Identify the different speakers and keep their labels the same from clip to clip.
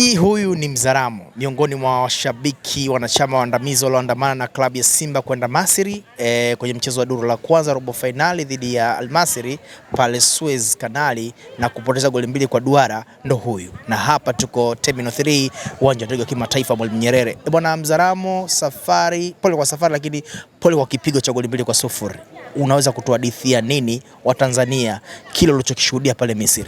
Speaker 1: Hii huyu ni Mzaramo miongoni mwa washabiki wanachama waandamizi walioandamana na klabu ya Simba kwenda Masri e, eh, kwenye mchezo wa duru la kwanza robo fainali dhidi ya Almasri pale Suez Kanali na kupoteza goli mbili kwa duara, ndo huyu na hapa tuko Terminal 3 uwanja wa ndege wa kimataifa Mwalimu Nyerere. E, bwana Mzaramo, safari pole kwa safari, lakini pole kwa kipigo cha goli mbili kwa sufuri. Unaweza kutuhadithia nini Watanzania kile ulichokishuhudia pale Misri?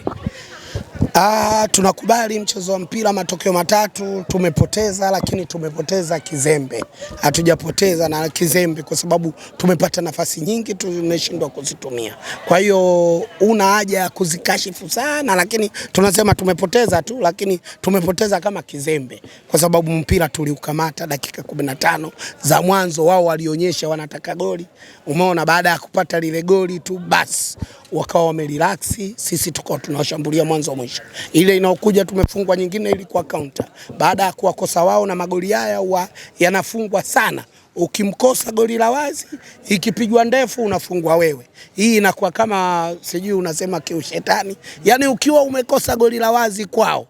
Speaker 2: Ah, tunakubali mchezo wa mpira, matokeo matatu tumepoteza, lakini tumepoteza kizembe, hatujapoteza na kizembe, kwa sababu tumepata nafasi nyingi tumeshindwa kuzitumia. Kwa hiyo una haja ya kuzikashifu sana, lakini tunasema tumepoteza tu, lakini tumepoteza kama kizembe, kwa sababu mpira tuliukamata dakika 15 za mwanzo, wao walionyesha wanataka goli, umeona. Baada ya kupata lile goli tu, basi wakawa wamerelax, sisi tukawa tunawashambulia mwanzo mwisho ile inaokuja tumefungwa nyingine ilikuwa counter. Baada ya kuwakosa wao, na magoli haya yanafungwa sana. Ukimkosa goli la wazi, ikipigwa ndefu unafungwa wewe. Hii inakuwa kama sijui unasema kiushetani, yani ukiwa umekosa goli la wazi kwao,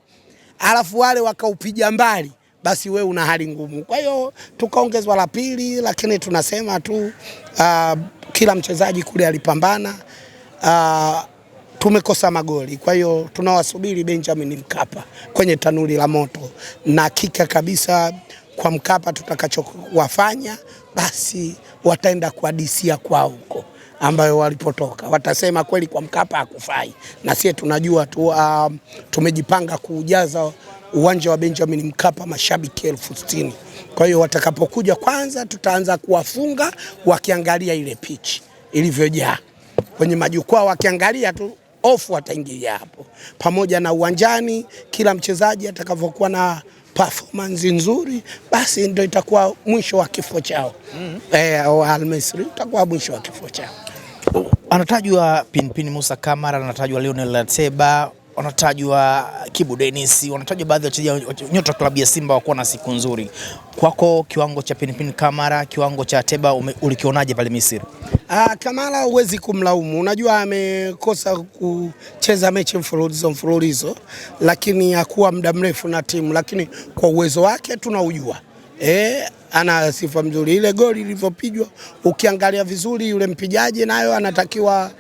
Speaker 2: alafu wale wakaupiga mbali basi we una hali ngumu. Kwa hiyo tukaongezwa la pili, lakini tunasema tu uh, kila mchezaji kule alipambana uh, tumekosa magoli. Kwa hiyo tunawasubiri Benjamin Mkapa kwenye tanuri la moto, na hakika kabisa kwa Mkapa tutakachowafanya basi wataenda kuadisia kwa huko ambayo walipotoka watasema kweli kwa Mkapa hakufai, na sie tunajua tu, uh, tumejipanga kuujaza uwanja wa Benjamin Mkapa mashabiki elfu sitini. Kwa hiyo watakapokuja kwanza, tutaanza kuwafunga wakiangalia ile pichi ilivyojaa kwenye majukwaa, wakiangalia tu ofu ataingia hapo, pamoja na uwanjani, kila mchezaji atakavyokuwa na performance nzuri, basi ndio itakuwa mwisho wa kifo chao. mm -hmm. Eh, Al itakuwa mwisho wa kifo chao.
Speaker 1: Anatajwa Pinpin Musa Kamara, anatajwa Lionel Latseba, wanatajwa Kibu Dennis, wanatajwa baadhi ya wachezaji nyota klabu ya Simba wakuwa na siku nzuri. Kwako kiwango cha Pinpin Kamara, kiwango cha Teba ulikionaje pale Misri?
Speaker 2: Ah, Kamara huwezi kumlaumu, unajua amekosa kucheza mechi mfululizo mfululizo, lakini hakuwa muda mrefu na timu, lakini kwa uwezo wake tunaujua eh, ana sifa mzuri. Ile goli lilivyopigwa, ukiangalia vizuri, yule mpijaji nayo anatakiwa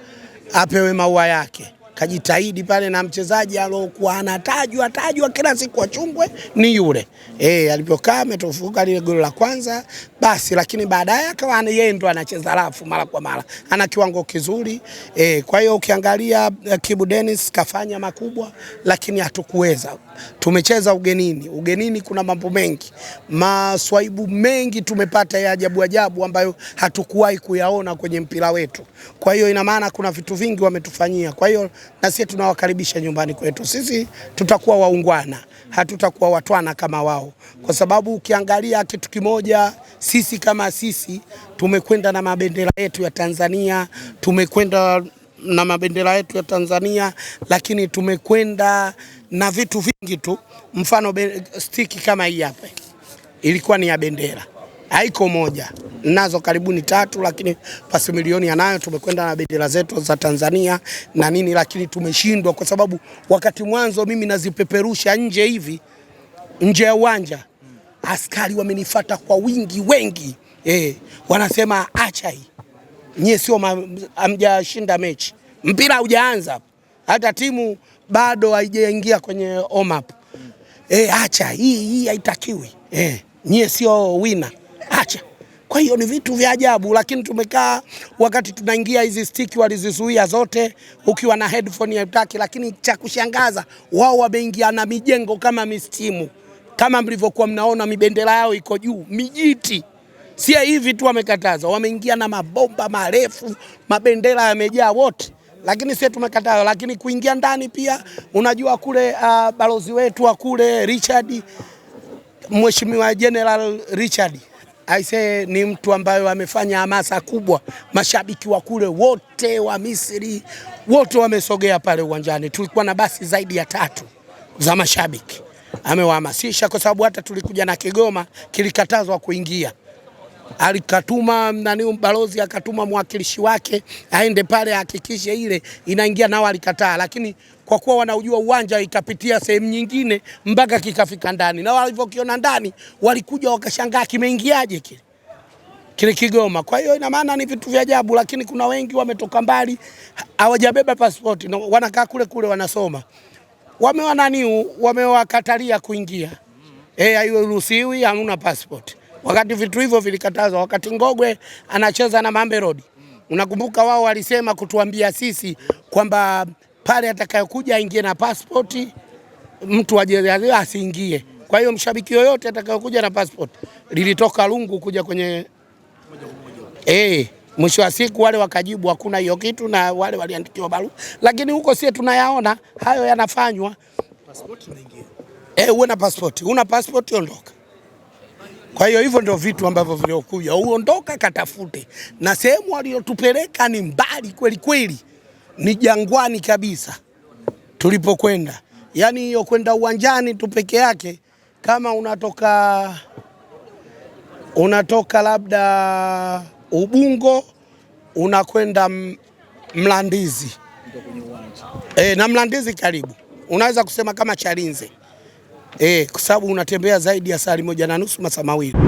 Speaker 2: apewe maua yake kajitahidi pale, na mchezaji aliyokuwa anatajwa tajwa kila siku achumbwe ni yule eh, alipokaa ametofuka lile goli la kwanza basi, lakini baadaye akawa yeye ndo anacheza rafu mara kwa mara, ana kiwango kizuri e. Kwa hiyo ukiangalia eh, Kibu Dennis kafanya makubwa, lakini hatukuweza, tumecheza ugenini. Ugenini kuna mambo mengi, maswaibu mengi tumepata ya ajabu ajabu ambayo hatukuwahi kuyaona kwenye mpira wetu. Kwa hiyo ina maana kuna vitu vingi wametufanyia, kwa hiyo na sisi tunawakaribisha nyumbani kwetu. Sisi tutakuwa waungwana, hatutakuwa watwana kama wao, kwa sababu ukiangalia kitu kimoja, sisi kama sisi tumekwenda na mabendera yetu ya Tanzania, tumekwenda na mabendera yetu ya Tanzania, lakini tumekwenda na vitu vingi tu. Mfano stiki kama hii hapa ilikuwa ni ya bendera haiko moja, nazo karibuni tatu, lakini pasi milioni anayo. Tumekwenda na bendera zetu za Tanzania na nini, lakini tumeshindwa kwa sababu wakati mwanzo mimi nazipeperusha nje hivi nje ya uwanja, askari wamenifata kwa wingi wengi eh, wanasema acha hii, nyie sio hamjashinda mechi, mpira haujaanza, hata timu bado haijaingia kwenye warm up. Eh, acha hii hii haitakiwi eh, nyie sio wina kwa hiyo ni vitu vya ajabu, lakini tumekaa wakati tunaingia hizi stiki walizizuia zote, ukiwa na headphone utaki. Lakini cha kushangaza wao wameingia na mijengo kama mistimu, kama mlivyokuwa mnaona mibendera yao iko juu, mijiti sie hivi tu wamekataza, wameingia na mabomba marefu, mabendera yamejaa wote, lakini sisi tumekataa, Lakini kuingia ndani pia, unajua kule uh, balozi wetu wa kule Richard, mheshimiwa General Richard aisee, ni mtu ambaye amefanya hamasa kubwa. Mashabiki wa kule wote wa Misri wote wamesogea pale uwanjani, tulikuwa na basi zaidi ya tatu za mashabiki. Amewahamasisha kwa sababu hata tulikuja na Kigoma kilikatazwa kuingia alikatuma nani balozi akatuma mwakilishi wake aende pale ahakikishe ile inaingia, nao alikataa, lakini kwa kuwa wanaujua uwanja ikapitia sehemu nyingine mpaka kikafika ndani, na walivyokiona ndani walikuja wakashangaa kimeingiaje kile kile Kigoma. Kwa hiyo ina maana ni vitu vya ajabu, lakini kuna wengi wametoka mbali, hawajabeba pasipoti, wanakaa kule kule wanasoma, wamewa nani, wamewakatalia kuingia. Eh, ruhusiwi, hamuna pasipoti wakati vitu hivyo vilikatazwa, wakati Ngogwe anacheza na Mambe Road. Unakumbuka wao walisema kutuambia sisi kwamba pale atakayokuja aingie na passport, mtu wa jeuri asiingie. Kwa hiyo mshabiki yoyote atakayokuja na passport lilitoka lungu kuja kwenye eh mwisho wa siku wale wakajibu hakuna hiyo kitu, na wale waliandikiwa barua, lakini huko sie tunayaona hayo yanafanywa. Passport unaingia eh, uwe na passport, Una passport ondoka. Kwa hiyo hivyo ndio vitu ambavyo viliokuja, uondoka katafute, na sehemu aliyotupeleka ni mbali kweli kweli, ni jangwani kabisa tulipokwenda. Yaani hiyo kwenda uwanjani tu peke yake, kama unatoka unatoka labda Ubungo unakwenda Mlandizi e, na Mlandizi karibu, unaweza kusema kama Chalinze eh, kwa sababu unatembea zaidi ya saa moja na nusu masaa mawili.